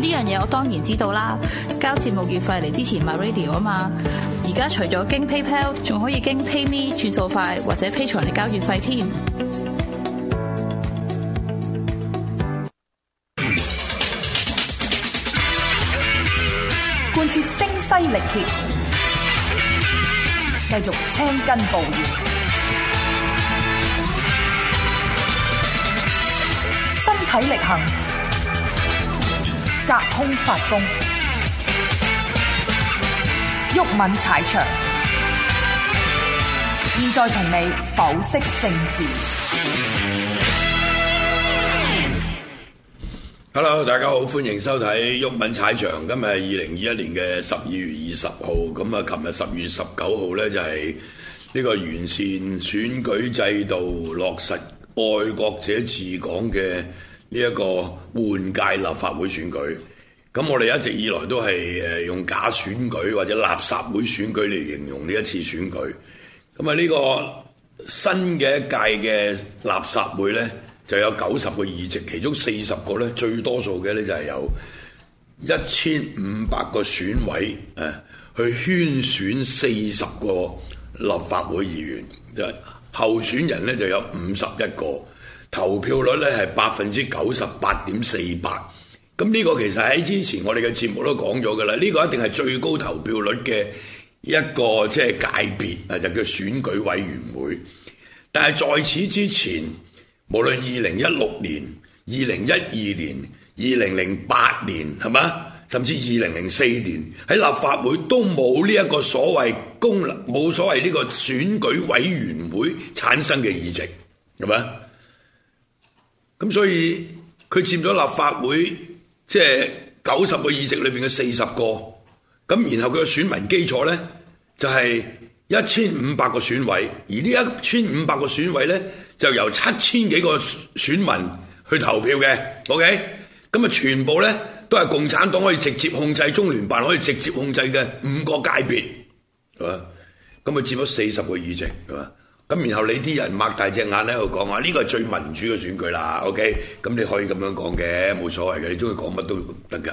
呢樣嘢我當然知道啦，交節目月費嚟之前買 radio 啊嘛，而家除咗經 PayPal，仲可以經 PayMe 轉數快或者 Pay 財嚟交月費添。貫徹聲勢力竭，繼續青筋暴現，身體力行。隔空發功，毓民踩場，現在同你剖析政治。Hello，大家好，歡迎收睇毓民踩場。今日係二零二一年嘅十二月二十號，咁啊，琴日十二月十九號咧就係呢個完善選舉制度、落實愛國者治港嘅。呢一個換屆立法會選舉，咁我哋一直以來都係誒用假選舉或者垃圾會選舉嚟形容呢一次選舉。咁啊，呢個新嘅一屆嘅垃圾會呢，就有九十個議席，其中四十個呢，最多數嘅呢，就係有一千五百個選委誒、啊、去圈選四十個立法會議員，即、就係、候選人呢就有五十一個。投票率咧係百分之九十八點四八，咁呢個其實喺之前我哋嘅節目都講咗嘅啦。呢個一定係最高投票率嘅一個即係界別啊，就叫選舉委員會。但係在此之前，無論二零一六年、二零一二年、二零零八年，係嘛，甚至二零零四年喺立法會都冇呢一個所謂功能，冇所謂呢個選舉委員會產生嘅議席，係咪啊？咁所以佢佔咗立法會即係九十個議席裏面嘅四十個，咁然後佢嘅選民基礎呢，就係一千五百個選委，而呢一千五百個選委呢，就由七千幾個選民去投票嘅，OK？咁啊全部呢，都係共產黨可以直接控制，中聯辦可以直接控制嘅五個界別，係嘛？咁啊佔咗四十個議席，係嘛？咁然後你啲人擘大隻眼喺度講話，呢個係最民主嘅選舉啦，OK？咁你可以咁樣講嘅，冇所謂嘅，你中意講乜都得噶。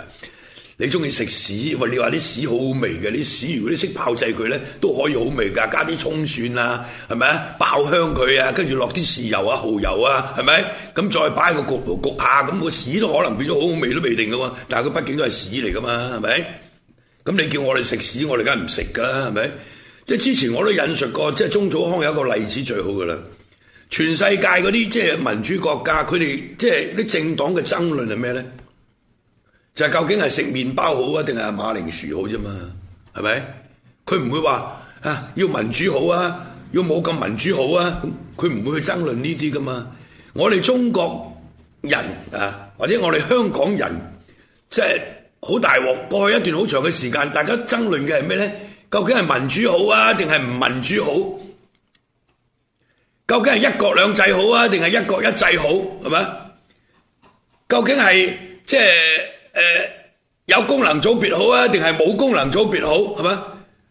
你中意食屎，喂，你話啲屎好好味嘅，啲屎如果你識炮製佢咧，都可以好味噶，加啲葱蒜啊，係咪？爆香佢啊，跟住落啲豉油啊、蠔油啊，係咪？咁再擺個焗爐焗下，咁個屎都可能變咗好好味都未定噶喎。但係佢畢竟都係屎嚟噶嘛，係咪？咁你叫我哋食屎，我哋梗係唔食噶啦，係咪？即係之前我都引述過，即係鍾祖康有一個例子最好嘅啦。全世界嗰啲即係民主國家，佢哋即係啲政黨嘅爭論係咩咧？就係、是、究竟係食麪包好啊，定係馬鈴薯好啫嘛？係咪？佢唔會話啊，要民主好啊，要冇咁民主好啊？佢唔會去爭論呢啲噶嘛。我哋中國人啊，或者我哋香港人，即係好大鑊。過去一段好長嘅時間，大家爭論嘅係咩咧？究竟係民主好啊，定係唔民主好？究竟係一國兩制好啊，定係一國一制好？係咪？究竟係即係誒有功能組別好啊，定係冇功能組別好？係咪？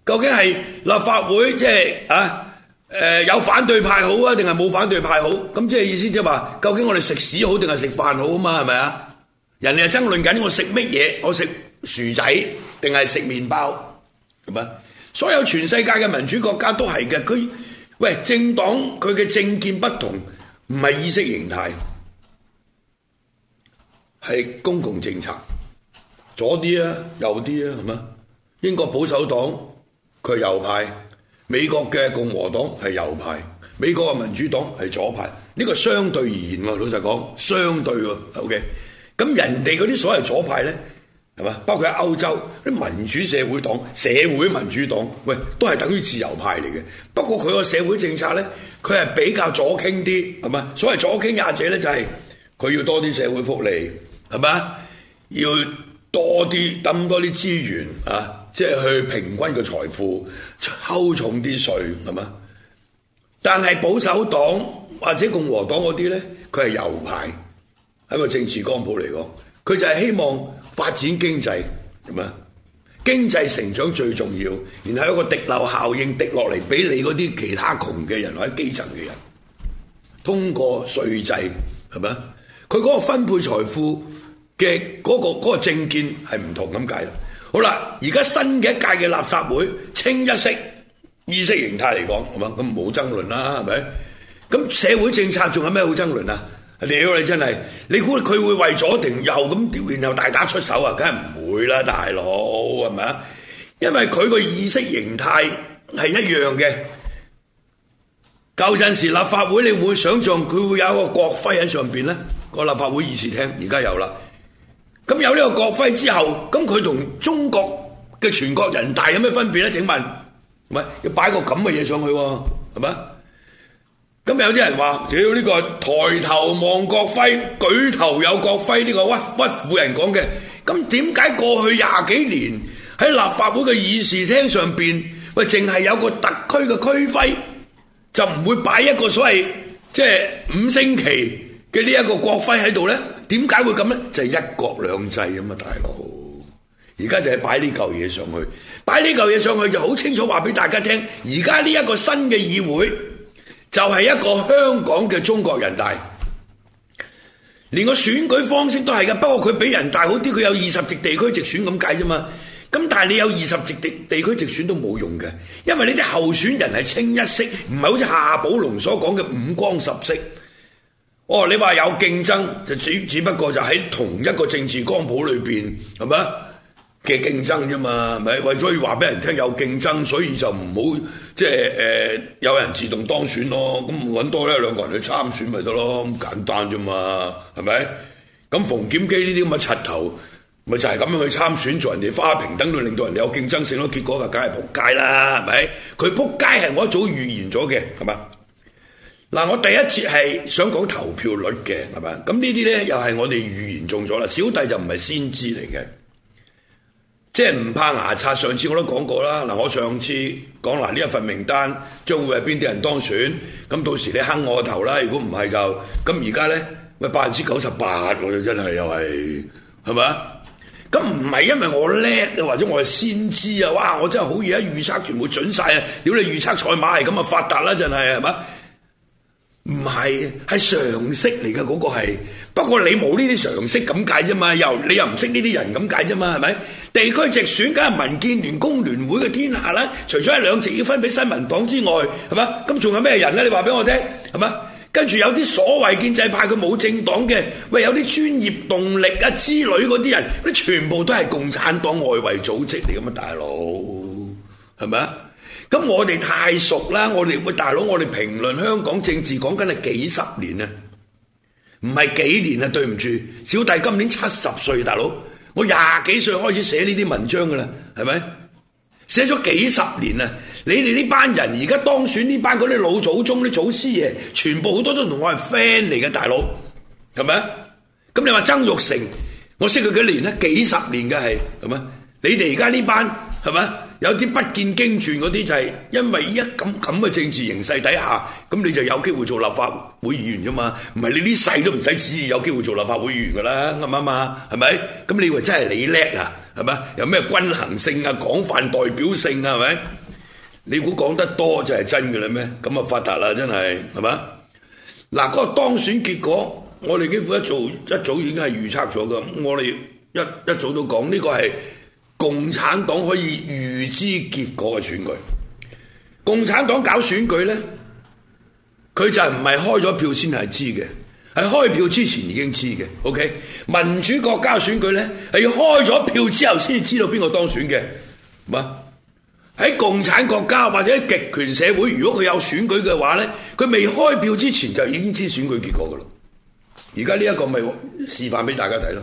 究竟係立法會即係啊誒有反對派好啊，定係冇反對派好？咁即係意思即係話，究竟我哋食屎好定係食飯好啊？嘛係咪啊？人哋係爭論緊我食乜嘢，我食薯仔定係食麵包？係咪？所有全世界嘅民主國家都係嘅，佢喂政黨佢嘅政見不同，唔係意識形態，係公共政策左啲啊，右啲啊，係嘛？英國保守黨佢係右派，美國嘅共和黨係右派，美國嘅民主黨係左派。呢個相對而言喎，老實講，相對喎，OK。咁人哋嗰啲所謂左派呢。係嘛？包括喺歐洲啲民主社會黨、社會民主黨，喂，都係等於自由派嚟嘅。不過佢個社會政策咧，佢係比較左傾啲，係嘛？所謂左傾亞者咧，就係、是、佢要多啲社會福利，係嘛？要多啲抌多啲資源啊，即係去平均個財富，抽重啲稅，係嘛？但係保守黨或者共和黨嗰啲咧，佢係右派，喺個政治光譜嚟講，佢就係希望。發展經濟，做咩？經濟成長最重要，然後有一個滴漏效應滴落嚟，俾你嗰啲其他窮嘅人，或者基層嘅人，通過稅制，係咪？佢嗰個分配財富嘅嗰、嗰個、嗰個政見係唔同咁解。好啦，而家新嘅一屆嘅垃圾會，清一色意識形態嚟講，係嘛，咁冇爭論啦，係咪？咁社會政策仲有咩好爭論啊？你真係，你估佢會為左停右咁，然後大打出手啊？梗係唔會啦，大佬，係咪啊？因為佢個意識形態係一樣嘅。舊陣時立法會，你會唔會想象佢會有一個國徽喺上邊咧？個立法會議事廳而家有啦。咁有呢個國徽之後，咁佢同中國嘅全國人大有咩分別咧？請問，唔係要擺個咁嘅嘢上去，係咪？咁有啲人話，屌呢個抬頭望國徽，舉頭有國徽，呢個屈屈婦人講嘅。咁點解過去廿幾年喺立法會嘅議事廳上邊，喂，淨係有個特區嘅區徽，就唔會擺一個所謂即係五星旗嘅呢一個國徽喺度咧？點解會咁咧？就係一國兩制咁啊，大佬！而家就係擺呢嚿嘢上去，擺呢嚿嘢上去就好清楚話俾大家聽。而家呢一個新嘅議會。就係一個香港嘅中國人大，連個選舉方式都係㗎。不過佢比人大好啲，佢有二十席地區直選咁解啫嘛。咁但係你有二十席地地區直選都冇用㗎，因為你啲候選人係清一色，唔係好似夏寶龍所講嘅五光十色。哦，你話有競爭就只只不過就喺同一個政治光譜裏邊係咪啊？嘅競爭啫嘛，咪為咗要話俾人聽有競爭，所以就唔好即係誒、呃、有人自動當選咯，咁揾多呢兩個人去參選咪得咯，咁簡單啫嘛，係咪？咁馮檢基呢啲咁嘅柒頭，咪就係、是、咁樣去參選，做人哋花瓶，等到令到人哋有競爭性咯，結果就梗係撲街啦，係咪？佢撲街係我一早預言咗嘅，係嘛？嗱，我第一次係想講投票率嘅，係嘛？咁呢啲咧又係我哋預言中咗啦，小弟就唔係先知嚟嘅。即係唔怕牙刷，上次我都講過啦。嗱，我上次講，嗱呢一份名單將會係邊啲人當選，咁到時你坑我個頭啦。如果唔係就咁，而家咧咪百分之九十八喎，真係又係係咪啊？咁唔係因為我叻啊，或者我係先知啊？哇！我真係好易啊，預測全部準晒。啊！屌你預測賽馬係咁啊，發達啦真係係咪唔係，係常識嚟嘅嗰個係。不過你冇呢啲常識咁解啫嘛，又你又唔識呢啲人咁解啫嘛，係咪？地區直選梗係民建聯、工聯會嘅天下啦。除咗一兩席要分俾新民黨之外，係嘛？咁仲有咩人呢？你話俾我聽，係嘛？跟住有啲所謂建制派佢冇政黨嘅，喂，有啲專業動力啊之類嗰啲人，啲全部都係共產黨外圍組織嚟嘅嘛，大佬係咪？咁我哋太熟啦，我哋喂大佬，我哋評論香港政治講緊係幾十年啊，唔係幾年啊，對唔住，小弟今年七十歲，大佬，我廿幾歲開始寫呢啲文章噶啦，係咪？寫咗幾十年啊，你哋呢班人而家當選呢班嗰啲老祖宗啲祖師爺，全部好多都同我係 friend 嚟嘅，大佬，係咪？咁你話曾鈺成，我識佢幾年咧？幾十年嘅係，係咪？你哋而家呢班係咪？有啲不見經傳嗰啲就係因為一，咁咁嘅政治形勢底下，咁你就有機會做立法會議員啫嘛？唔係你呢世都唔使指意有機會做立法會議員噶啦，啱唔啱嘛？係咪？咁你以為真係你叻啊？係咪？有咩均衡性啊、廣泛代表性啊？係咪？你估講得多就係真㗎喇咩？咁啊，發達啦，真係係咪？嗱，嗰、那個當選結果，我哋幾乎一早一早已經係預測咗嘅。我哋一一早都講呢、這個係。共產黨可以預知結果嘅選舉，共產黨搞選舉呢，佢就唔係開咗票先係知嘅，係開票之前已經知嘅。OK，民主國家選舉呢，係要開咗票之後先知道邊個當選嘅，嘛？喺共產國家或者極權社會，如果佢有選舉嘅話呢，佢未開票之前就已經知選舉結果噶啦。而家呢一個咪示範俾大家睇咯。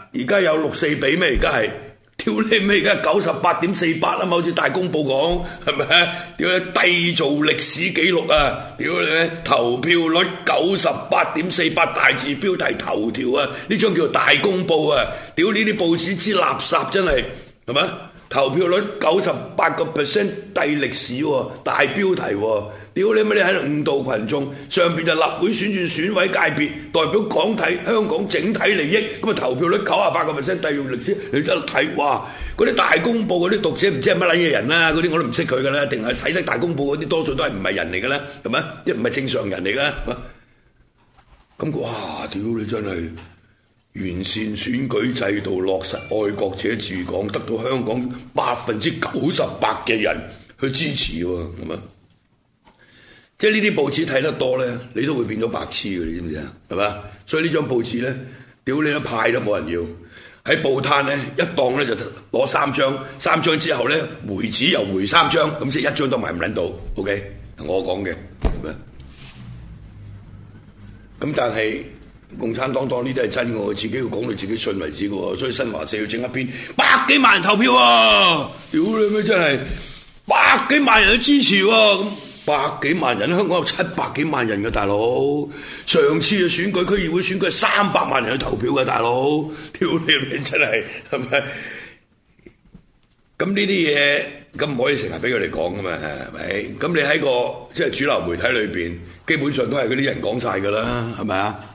而家有六四比咩？而家係，屌你咩？而家九十八點四八啦嘛，好似大公報講，係咪？屌你，締造歷史紀錄啊！屌你，投票率九十八點四八，大字標題頭條啊！呢張叫大公報啊！屌呢啲報紙之垃圾真係，係咪？投票率九十八個 percent 低歷史喎，大標題喎，屌你乜你喺度誤導群眾？上邊就立法選舉選,選委界別代表港體香港整體利益，咁啊投票率九啊八個 percent 低用歷史，你得睇哇？嗰啲大公報嗰啲讀者唔知係乜撚嘢人啦，嗰啲我都唔識佢噶啦，定係使得大公報嗰啲多數都係唔係人嚟㗎啦，係咪？即唔係正常人嚟㗎？咁哇，屌你真係～完善選舉制度，落實愛國者治港，得到香港百分之九十八嘅人去支持喎，咁啊！即係呢啲報紙睇得多咧，你都會變咗白痴嘅，你知唔知啊？係咪啊？所以呢張報紙咧，屌你一派都冇人要，喺報攤咧一檔咧就攞三張，三張之後咧回紙又回三張，咁即係一張都賣唔撚到。OK，我講嘅，咁啊，咁但係。共產黨當呢啲係真嘅，自己要講到自，自己信為止嘅喎，所以新華社要整一篇百幾萬人投票喎、啊，屌你咪真係百幾萬人去支持喎、啊，百幾萬人，香港有七百幾萬人嘅、啊、大佬，上次嘅選舉區議會選舉三百萬人去投票嘅、啊、大佬，屌你咩真係係咪？咁呢啲嘢咁唔可以成日俾佢哋講噶嘛，係咪？咁你喺個即係、就是、主流媒體裏邊，基本上都係嗰啲人講晒噶啦，係咪啊？是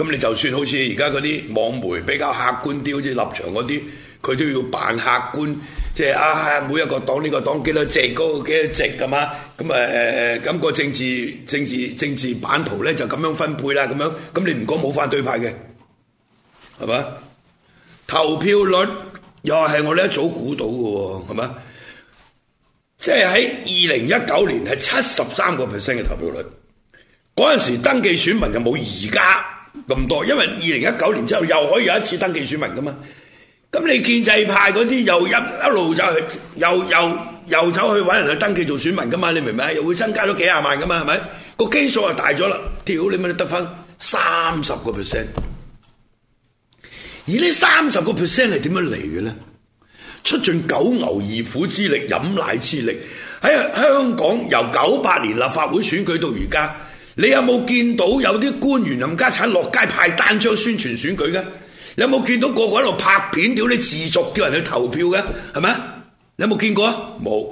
咁你就算好似而家嗰啲網媒比較客觀啲，好似立場嗰啲，佢都要扮客觀，即係啊每一個黨呢、呢個黨幾多席，嗰、嗰個幾多席，係嘛？咁誒咁個政治政治政治版圖咧就咁樣分配啦，咁樣咁你唔講冇反對派嘅，係嘛？投票率又係我哋一早估到嘅喎，係嘛？即係喺二零一九年係七十三個 percent 嘅投票率，嗰陣時登記選民就冇而家咁多，因為二零一九年之後又可以有一次登記選民噶嘛，咁你建制派嗰啲又一一路走去，又又又，又走去搵人去登記做選民噶嘛，你明唔明？又會增加咗幾廿萬噶嘛，係咪？個基數又大咗啦，屌你咪得翻三十個 percent，而呢三十個 percent 係點樣嚟嘅咧？出盡九牛二虎之力、飲奶之力喺香港由九八年立法會選舉到而家。你有冇見到有啲官員冚家鏟落街派單張宣傳選舉嘅？你有冇見到個個喺度拍片屌你，自俗叫人去投票嘅？係咪？你有冇見過啊？冇，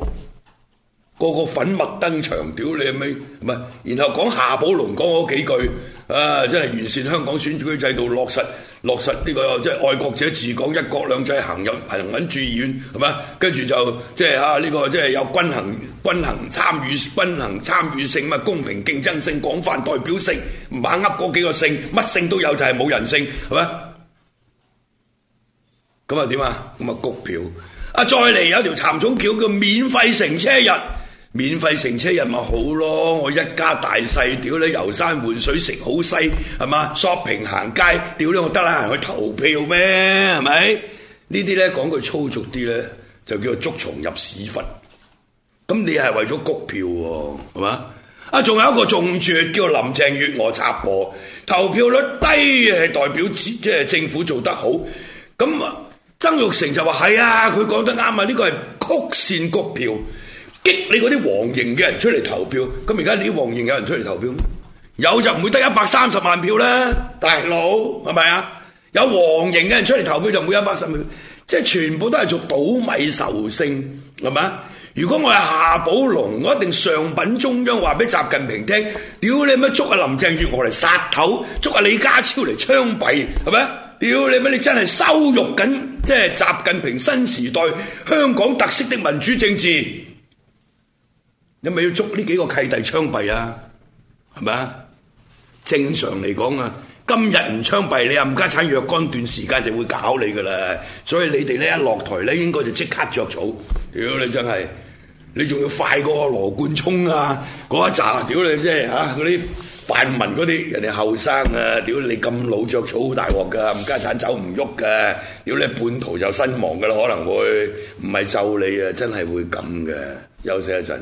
個個粉墨登場屌你咪唔係，然後講夏寶龍講嗰幾句啊，真係完善香港選舉制度，落實落實呢、這個即係愛國者治港、一國兩制行、行入行穩住院係咪？跟住就即係啊呢個即係有均衡。均衡參與、均衡參與性、乜公平競爭性、廣泛代表性、把握嗰幾個性，乜性都有，就係冇人性，係咪？咁啊點啊？咁啊谷票啊！再嚟有條蠶蟲票叫免費乘車日，免費乘車日咪好咯！我一家大細，屌你遊山玩水食好西，係嘛？shopping 行街，屌你我得閒去投票咩？係咪？呢啲咧講句粗俗啲咧，就叫做捉蟲入屎窟。咁你係為咗谷票喎，係嘛？啊，仲有一個中住，叫林鄭月娥插播，投票率低係代表即係政府做得好。咁曾鈺成就話係啊，佢講得啱啊，呢個係曲綫谷票，激你嗰啲黃營嘅人出嚟投票。咁而家你啲黃營有人出嚟投票，有就唔會得一百三十萬票啦，大佬係咪啊？有黃營嘅人出嚟投票就唔冇一百三十萬票，即係全部都係做倒米壽星，係咪？如果我係夏寶龍，我一定上稟中央話俾習近平聽，屌 你乜，捉阿林鄭月娥嚟殺頭，捉阿李家超嚟槍斃，係咪？屌你乜，你真係羞辱緊，即係習近平新時代香港特色的民主政治，你咪要捉呢幾個契弟槍斃啊？係咪啊？正常嚟講啊，今日唔槍斃你冚家產若干段時間就會搞你㗎喇，所以你哋咧一落台咧應該就即刻着草，屌你真係！你仲要快過羅冠聰啊？嗰一集，屌你即係嚇嗰啲泛民嗰啲人哋後生啊！屌你咁老著草大鑊㗎，冚家產走唔喐㗎，屌你半途就身亡㗎啦！可能會唔係咒你啊，真係會咁嘅。休息一陣。